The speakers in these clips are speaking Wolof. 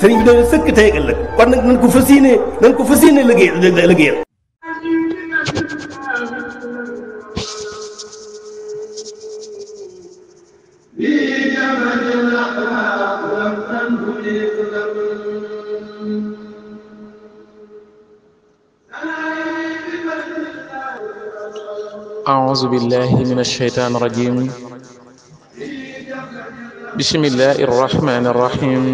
sëriñ bi dana sëkk tey ëllëg kon nag nañ ko fas yéene nañ ko fas yéene liggéey liggéeyal أعوذ بالله من الشيطان الرجيم بسم الله الرحمن الرحيم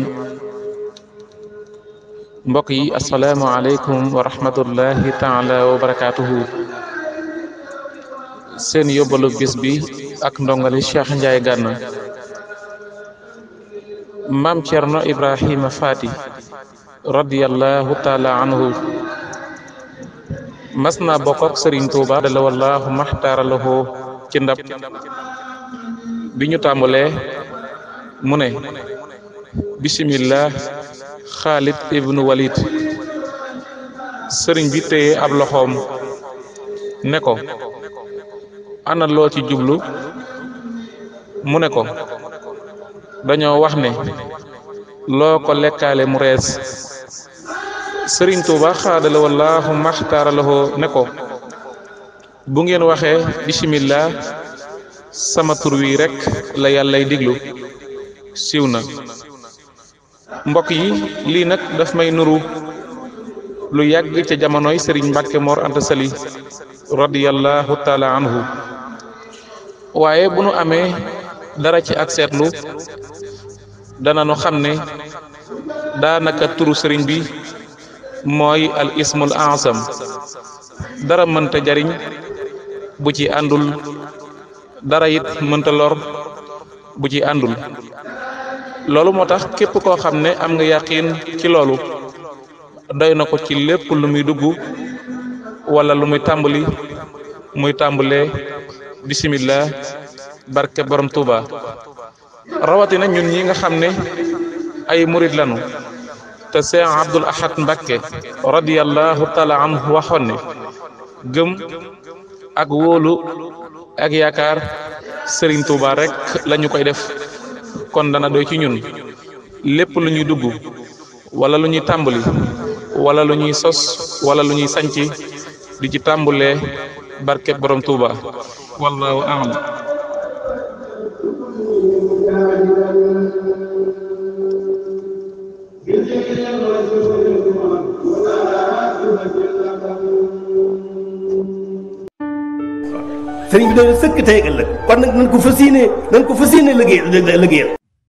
mbokk yi asalaamaaleykum wa rahmatullahi taala wa barakaatuhu seen yóbbalu bis bi ak ndongali Cheikh Ndiaye Gana maam Cerno Ibrahima Faati radiyallahu taala anhu mas naa bokk ak Sëriñ Tuuba dala wallahu ci ndab bi ñu tàmbalee mu ne bismillah xaalid ibnu walid sëriñ bi téye ab loxoom ne ko ana loo ci jublu mu ne ko dañoo wax ne loo ko lekkaale mu rees sëriñ tuuba xaadala wallaahu maxtaaralaho ne ko bu ngeen waxee bismillah sama tur wi rekk la yàllay diglu siiw na mbokk yi lii nag daf may nuru lu yàgg ca jamonoy sëriñ Mbàkke Mor Anta Sali radiyallahu anhu waaye bu nu amee dara ci ak seetlu dana nu xam ne daanaka turu sëriñ bi mooy al ismul ansam dara mënta jariñ bu ci àndul dara it mënta lor bu ci àndul loolu moo tax képp koo xam ne am nga yaqiin ci loolu doy na ko ci lépp lu muy dugg wala lu muy tàmbali muy tàmbalee bisimilah barke borom tuuba rawatina ñun ñi nga xam ne ay murid lanu te Seex Abdul Ahad Mbakke radiyallahu taala anhu waxoon ne gëm ak wóolu ak yaakaar sëriñ Touba rek lañu koy def. kon dana doy ci ñun lépp lu ñuy dugg wala lu ñuy tàmbali wala lu ñuy sos wala lu ñuy sanc di ci tàmbulee barkeb borom Touba wallaahu a'lam sëriñ bi dañu sëkk tey ëllëg kon nag nañ ko fas yéene nañ ko fas yéene liggéey